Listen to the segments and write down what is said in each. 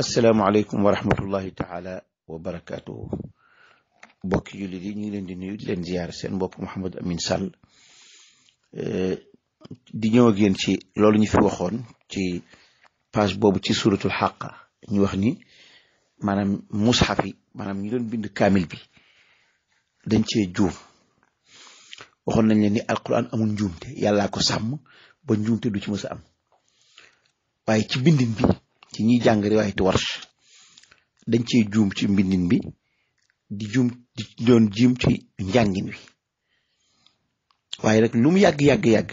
السلام عليكم ورحمة الله تعالى وبركاته بوكي يولي ني لين دي نيو لين زيار سين بوك محمد امين سال اه، دي نيو غين سي لولو ني في وخون سي باج بوبو سي سوره الحق ني وخ ني مصحفي مانام ني دون بيند كامل بي دنج سي جوم وخون نان ني القران امون جومتي يالا كو سام با جومتي دو سي مسا ام واي سي بي ci ñiy jàng riwaayatu warsh dañ cee juum ci mbindin bi di juum di doon jiim ci njàngin wi waaye rek lu mu yàgg-yàgg-yàgg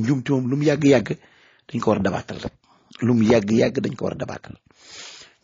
njuumti moom lu mu yàgg-yàgg dañ ko war a dabaatal rek lu mu yàgg-yàgg dañ ko war a dabaatal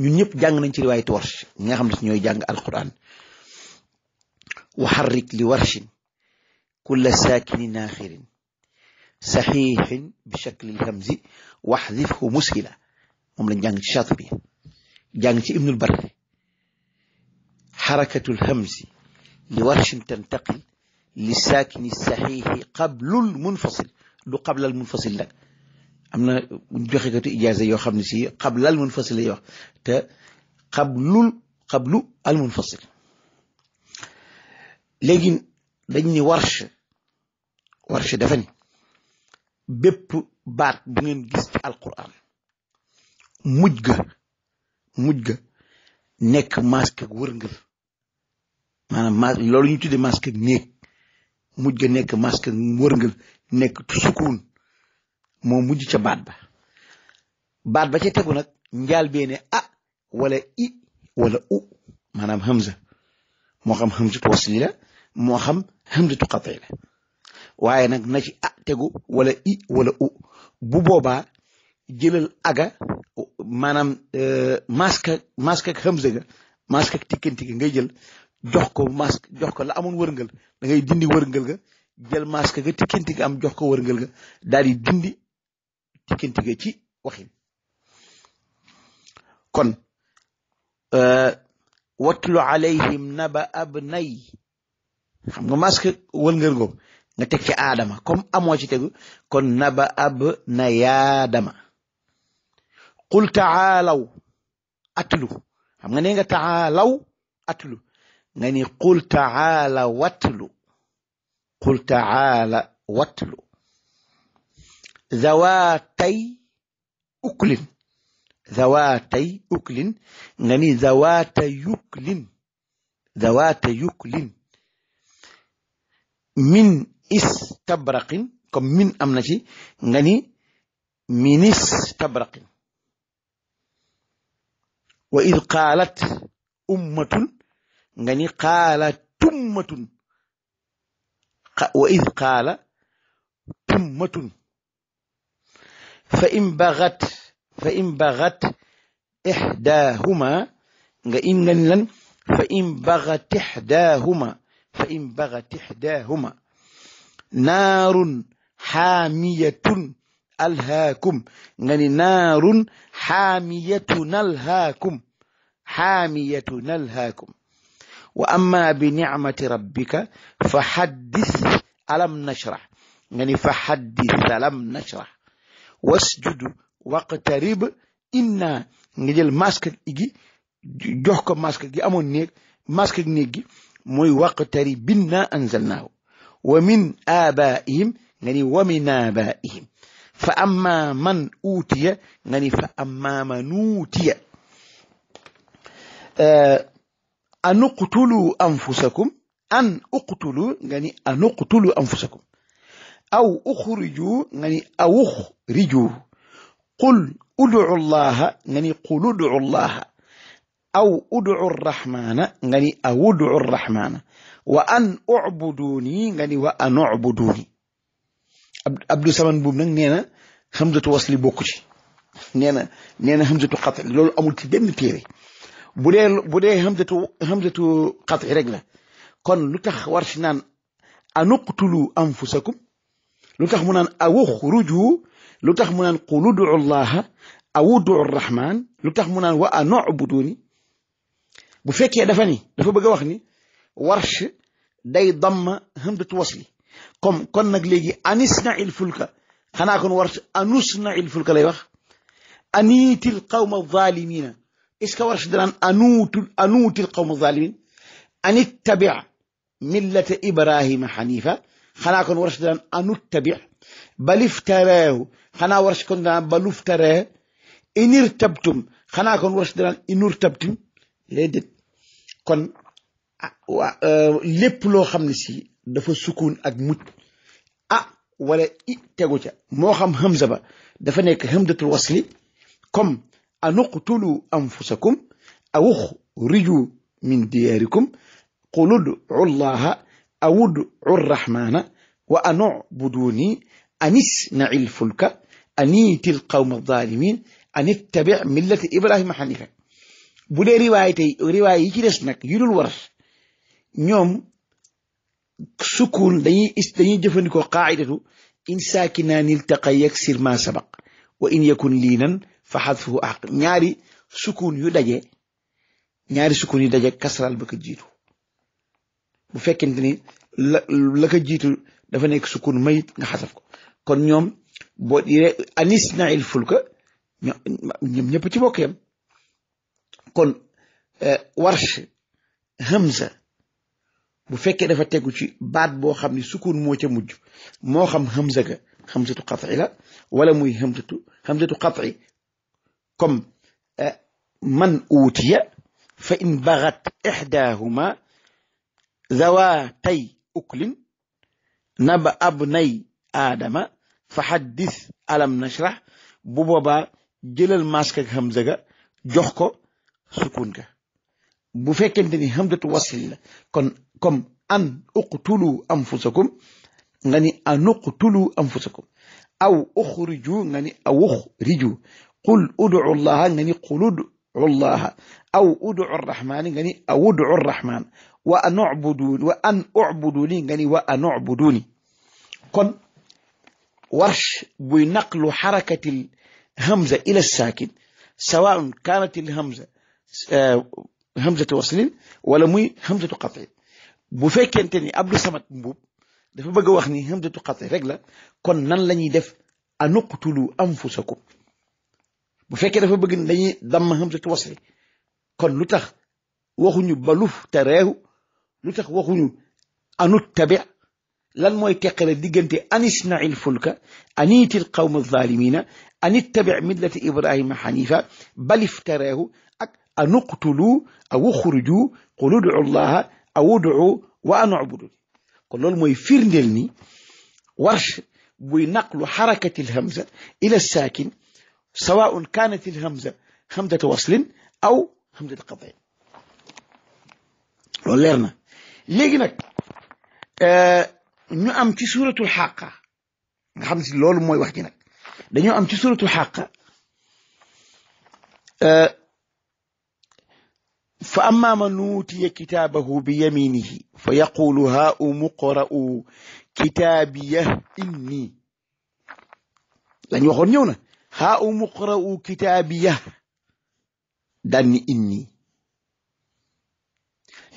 ñun ñëpp jàng nañ ci riwaayatu warsh ñi nga xam ne si ñooy jàng alquran waxarrik li warshin kulla saakini naaxirin saxiixin bi shakli lhamzi waxdifhu muskila moom lañ jàng ci Shaatibi jàng ci Ibnul Barri xarakatul hamzi li warchin tantaqil li saakini saxiixi qablul munfasil du qablal munfasil nag am na joxe katu ijaaza yoo xam ne si qablal munfasil lay wax te qablul qablu al munfasil léegi dañ ni warsh warsh dafa ni bépp baat bu ngeen gis ci alquran mujj ga mujj ga nekk masque ak wërngël maanaam ma ñu tuddee masque ak néeg mujj ga nekk masque ak wërngël nekk sukuun moo mujj ca baat ba baat ba ca tegu nag njaal bee ne a wala i wala u maanaam hamza moo xam hamzatu wasli la moo xam hamzatu qat'i la waaye nag na ci a tegu wala i wala u bu boobaa jëlal aga maanaam euh, masque masque ak xamsa ga masque ak tikkanti ngay jël jox ko masque jox ko la amoon wërngal da ngay dindi wërngal ga jël masque ga tikkanti ga am jox ko wërngal ga daal di dindi tikkanti ga ci waxin kon euh, watlu alayhim naba abnay xam nga masque wërngal googu nga teg ci aadama comme amoo ci tegu kon naba ab na yaadama qul taalaw atlu xam nga nee nga taalaw atlu nga ni qul taala watlu qul taala watlu zawaatay uklin zawaatay uklin nga ni zawaata yuklin zawaata yuklin min istabraqin comme min am na ci nga ni min istabraqin وإذ قالت أمة غني قالت تمة وإذ قال تمة فإن بغت فإن بغت إحداهما غإن فإن بغت إحداهما فإن بغت إحداهما نار حامية ألهاكم يعني نار حامية ألهاكم xaamiyatu nalhaakum wa amma bi nicmati rabbika fa xaddis alam nashrah nga ni fa xaddis alam nashrah wasjud waqtarib inna nga jël masque gi jox ko masque gi amoon néeg masque gi néeg gi mooy waqtarib binna anzalnaahu wa min aabaihim nga ni wa min aabaihim fa amma man uutiya nga ni fa amma man uutiya Uh, an uqtulu anfusakum an uqtulu nga ni an uqtulu anfusakum aw uxriju nga ni aw uxriju qul udcu llaha nga ni qul udcu llaha aw udcu rraxmaana nga ni aw udcu rraxmaana wa an ucbuduuni nga ni wa an ucbuduuni Abdou Saman buub nag nee na hamzatu wasli bokku ci nee na nee na hamzatu qat'i loolu amul ci benn téere bu dee bu dee hamzatu hamzatu qat'i rek la kon lu tax war si naan anuqtulu anfusakum lu tax mu naan awuxruju lu tax mu naan qul udu llaha aw udu rrahman lu tax mu naan wa anubuduni bu fekkee dafa ni dafa bëgg a wax ni warsh day damma hamzatu wasli comme kon nag léegi anisna il fulka xanaa kon warsh anusna il fulka lay wax aniitil qawma zalimina إيش كورش دران أنوت أنوت القوم الظالمين أن اتبع ملة إبراهيم حنيفة خنا كن ورش دران أن اتبع بل افتراه خنا ورش كن دران بل افتراه إن ارتبتم خنا كن ورش دران إن ارتبتم ليدت كن lépp loo xam ne si dafa sukun ak mut ah wala i tegu ca moo xam hamza ba dafa nekk hamdatul أن اقتلوا أنفسكم أو اخرجوا من دياركم قل ادعوا الله أو ادعوا الرحمن وأن اعبدوني أن اسمع الفلك أنيت القوم الظالمين أن اتبع ملة إبراهيم حنيفا بلي روايتي رواية كيرسنك يلو ورث نيوم سكون دي استني جفنكو قاعدته إن ساكنان التقى يكسر ما سبق وإن يكن لينا fa xadfuhu àq ñaari sukun yu daje ñaari sukun yu daje kasral ba ko jiitu bu fekkente ni la la jiitu dafa nekk sukun mayit nga xasaf ko kon ñoom boo dire anis na il fulka ñoom ñëpp ci bokk yam kon eh, warsh hamza bu fekkee dafa tegu ci baat boo xam ne sukun moo ci mujj moo xam hamza ga hamzatu qat'i la wala muy hamzatu hamzatu qat'i comme euh, man uutiya fa in baxat ixdaahuma zawaatay uklin naba abnay aadama fa xaddis alam nashrah bu boobaa jëlal mask ak hamza ga jox ko sukun ga bu fekkente ni hamzatu wasli la kon comme an uqtulu anfusakum nga an uqtulu anfusakum aw uxriju nga ni قل ادعوا الله يعني قل ادعوا الله أو ادعوا الرحمن يعني أو ادعوا الرحمن وأن اعبدوا وأن اعبدوني يعني وأن اعبدوني كن ورش بنقل حركة الهمزة إلى الساكن سواء كانت الهمزة آه، همزة وصل ولا مي همزة قطع بفيك أنتني ni سمت Samad دفع بقى bëgg a wax ni hamzatu qat'i rek la kon bu fekkee dafa bëgg dañuy damm hamzatu wasli kon lu tax waxuñu baluf te reehu lu tax waxuñu anu tabi lan mooy teqale diggante anisnail fulka aniitil qawma zalimina anit tabi millata ibrahima xanifa bal te ak anuqtulu aw uxruju qul udcu llaha aw udcu wa anucbudu kon loolu mooy firndel ni warsh buy naqlu xarakatil hamza ila saakin سواء كانت الهمزة همزة وصل أو همزة قطع وليرنا لكن آه، نعم في سورة الحاقة خمس لول موي وحدنا دنيو ام تي سوره الحاقه آه، فاما من اوتي كتابه بيمينه فيقول ها امقرؤ كتابيه اني لا نيو haa umu iqra'u kitaabiya daan ni inni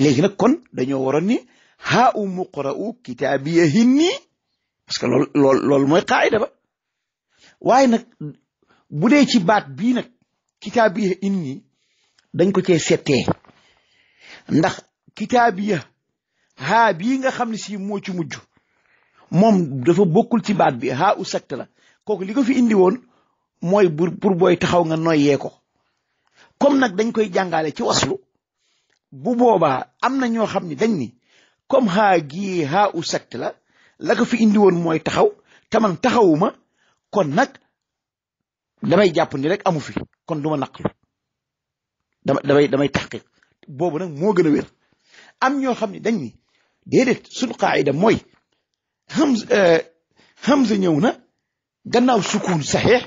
léegi nag kon dañoo waroon ni haa umu iqra'u kitaabiya hinni parce lool lool loolu mooy qaayida ba waaye nag bu dee ci baat bii nag kitaabiya inni dañ ko cee settee ndax kitaabiya haa bii nga xam ne si moo ci mujj moom dafa bokkul ci baat bi haa u sakt la kooku li ko fi indi woon mooy bu pour booy taxaw nga noyyee ko comme nag dañ koy jàngale ci waslu bu boobaa am na ñoo xam ni dañ ni comme xaa gii xaa u sakt la la ko fi indi woon mooy taxaw te man taxawuma kon nag damay jàpp ni rek amu fi kon du ma naqlu damay damay taxqiq boobu nag moo gën a wér am ñoo xam ne dañ ni déedéet suñu qaayida mooy hamza euh, hamza ñëw na gannaaw sukuun saxiix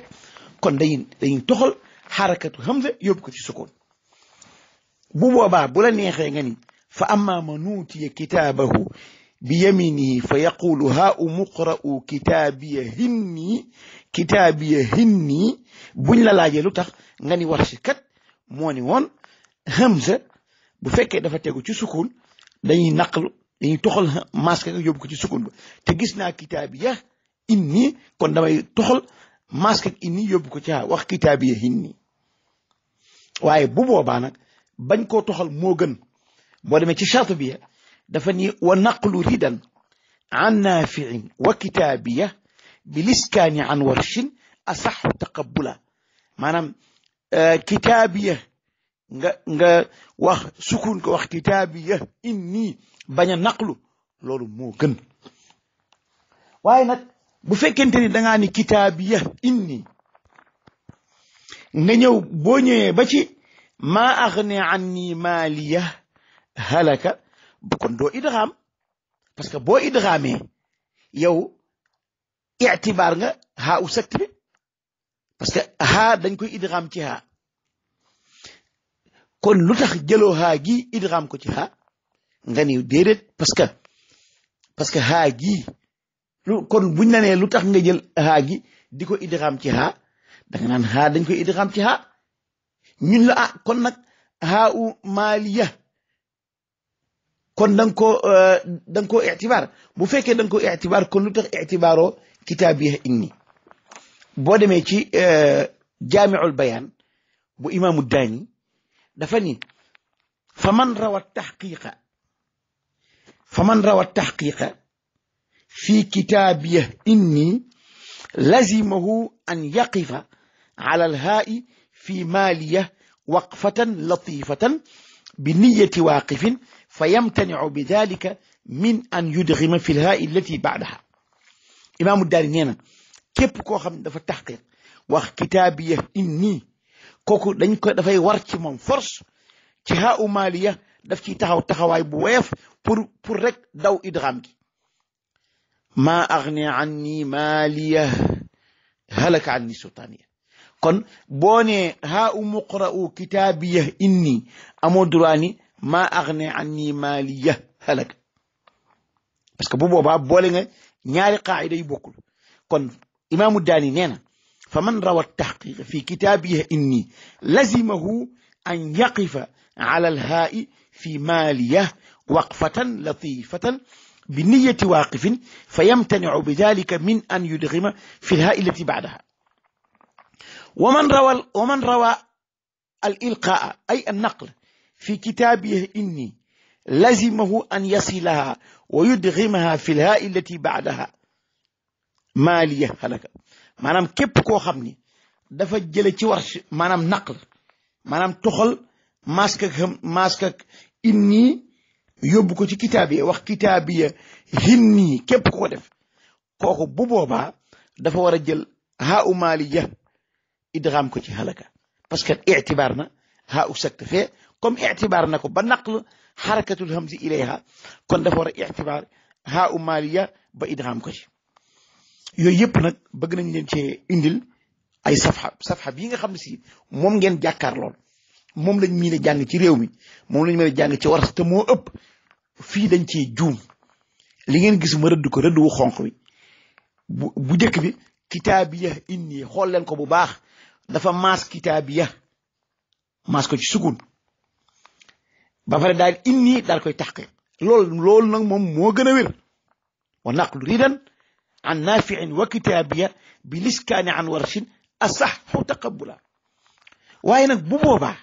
kon dañuy dañuy toxal xarakatu hamza yóbbu ko ci sukun bu boobaa bu la neexee nga ni fa amma man uutiya kitaabahu bi yaminihi fa yaqulu haa umuqra'u kitaabiya hinni kitaabiya hinni buñ la laajee lu tax ngani ni wax si kat moo ni woon hamza bu fekkee dafa tegu ci sukun dañuy naqlu dañuy toxal masque nga yóbbu ko ci sukun ba te gis naa kitaabiya inni kon damay toxal masque inni yóbbu ko ci wax kitaabiya hinni waaye bu boobaa nag bañ koo toxal moo gën boo demee ci chaatibiya dafa ni wa naqlu ridan عن نافع وكتابية بالإسكان عن ورش أصح تقبلا مانام آه كتابية nga wax sukun ko wax kitaabiya inni bañ a naqlu loolu moo gën waaye nag bu fekkente ni dangaa ni kitaabiya inni nga ñëw boo ñëwee ba ci ma aghni anni halaka kon doo idgham parce que boo idghamee yow ictibaar nga haa u sakt bi que haa dañ koy idgham ci haa kon lu tax jëloo haa gi idgham ko ci haa nga ni déedéet parce que parce haa gi kon buñ la lu tax nga jël haa gi di ko idgham ci haa danga naan haa dañ koy idgham ci haa ñun la ah kon nag haa u maaliya kon danga ko euh, danga ko itibaar bu fekkee danga ko itibaar kon lu tax itibaaroo kitaabiya inni boo demee ci euh, jaamiul bayaan bu imaamu daani dafa ni fa man rawa taxqiqa fa man rawa taxqiqa في كتابه إني لزمه أن يقف على الهاء في ماليه وقفة لطيفة بنية واقف فيمتنع بذلك من أن يدغم في الهاء التي بعدها إمام الدارين كيف كوخم دفع التحقيق وخ كتابيه إني كوكو دنج كو دفع ورتي من فرش تهاء مالية دفع تهاء تهاء ويف بور بور رك داو إدغامي ما أغني عني مالية هلك عني سلطانية كن بوني ها مقرأ كتابية إني أمدراني ما أغني عني مالية هلك بس بو باب بولينا نياري قاعدة يبوكل كن إمام الداني نينا فمن روى التحقيق في كتابية إني لزمه أن يقف على الهاء في مالية وقفة لطيفة بنية واقف فيمتنع بذلك من أن يدغم في الهاء التي بعدها ومن روى, ومن روى الإلقاء أي النقل في كتابه إني لزمه أن يصلها ويدغمها في الهاء التي بعدها مالية هلك ما نم كيب كو خمني دفع جلتي ورش ما نم نقل ما نم تخل ماسكك ماسكك إني yóbbu ko ci kitaabiya wax kitaabiya hinni képp ko def kooku bu boobaa dafa war a jël haa'u maaliya idgham ko ci halaka parce que i'tibaar na haa'u sakt fee comme i'tibaar na ko ba naql xarakatul hamzi ilayha kon dafa war a i'tibaar haa'u maaliya ba idgham ko ci yooyu yëpp nag bëgg nañ leen cee indil ay safxa safxa bii nga xam ne si moom ngeen jàkkaar lool moom lañ miin a jàng ci réew mi moom lañ mën a jàng ci waras te moo ëpp fii dañ ci juum li ngeen gis ma rëdd ko rëdd wu xonq wi bu bu njëkk bi kitaabiya inni xool ko bu baax dafa maas kitaabiya maas ko ci sukun ba pare daal inni daal koy taxqiq loolu loolu nag moom moo gën a wér wa naqlu ridan an nafiin wa kitaabiya bi liskaani an warshin asaxu taqabula waaye nag bu boobaa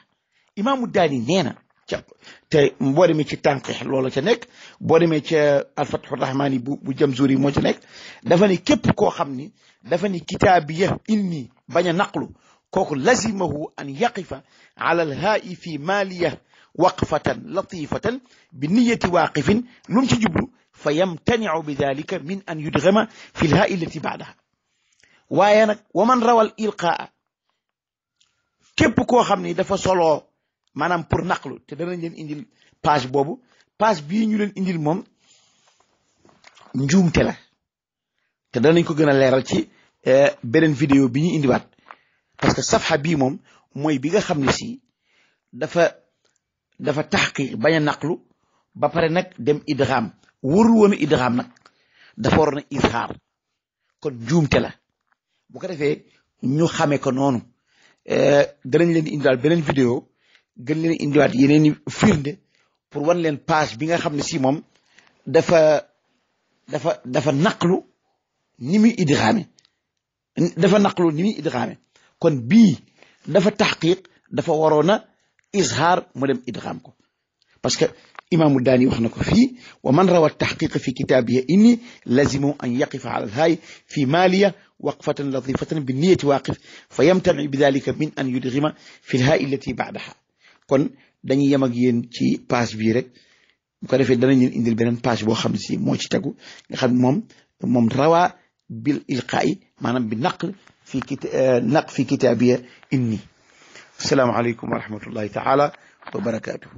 imaamu daani nee jàpp te boo demee ci tànqix loola ca nekk boo demee ca alfatxu rahmaani bu bu jëm zuri moo ca nekk dafa ne képp koo xam ni dafa ne kitaabiya inni bañ a naqlu kooku lazimahu an yaqifa ala alhaa'i fi maaliya waqfatan latifatan bi niyati waaqifin lu mu ci jublu fa yamtaniu bi dalika min an yudgama fi lhaa'i allati baadaha waaye nag wa man rawal ilqaa képp koo xam ni dafa soloo maanaam pour naqlu te danañ leen indil page boobu page bii ñu indil moom njuumte la te danañ ko gën a leeral ci eh, beneen vidéo bi ñu indiwaat parce que safxa bii moom mooy bi nga xam ne si dafa dafa taxqiq bañ naqlu ba pare nag dem idgham warul woon idgham nag dafa waroon a izhaar kon njuumte la bu ko defee ñu xamee ko noonu eh, danañ leen di indilaal beneen vidéo gën leen indiwaat yeneen i firnde pour wan leen page bi nga xam ne si moom dafa dafa dafa naqlu ni muy idgaame dafa naqlu ni muy idgaame kon bii dafa taxqiq dafa waroon a izhaar mu dem idgaam ko parce que imaamu daani wax na ko fii wa man rawa taxqiqa fi kitaabiya inni lazimu an yaqifa ala alhaay fi maaliya waqfatan latifatan bi niyati waaqif fa yamtaniu bidalika min an yudgima fi lhaai allati baadaha kon dañuy yem ak yéen ci page bii rek bu ko defee danañ indil beneen page boo xam si moo ci tegu nga xam moom moom rawaa bil ilqaa'i maanaam bi naq fi kit euh, naq fi kitaabiya inni asalaamaaleykum wa rahmatullahi taala wa barakaatu.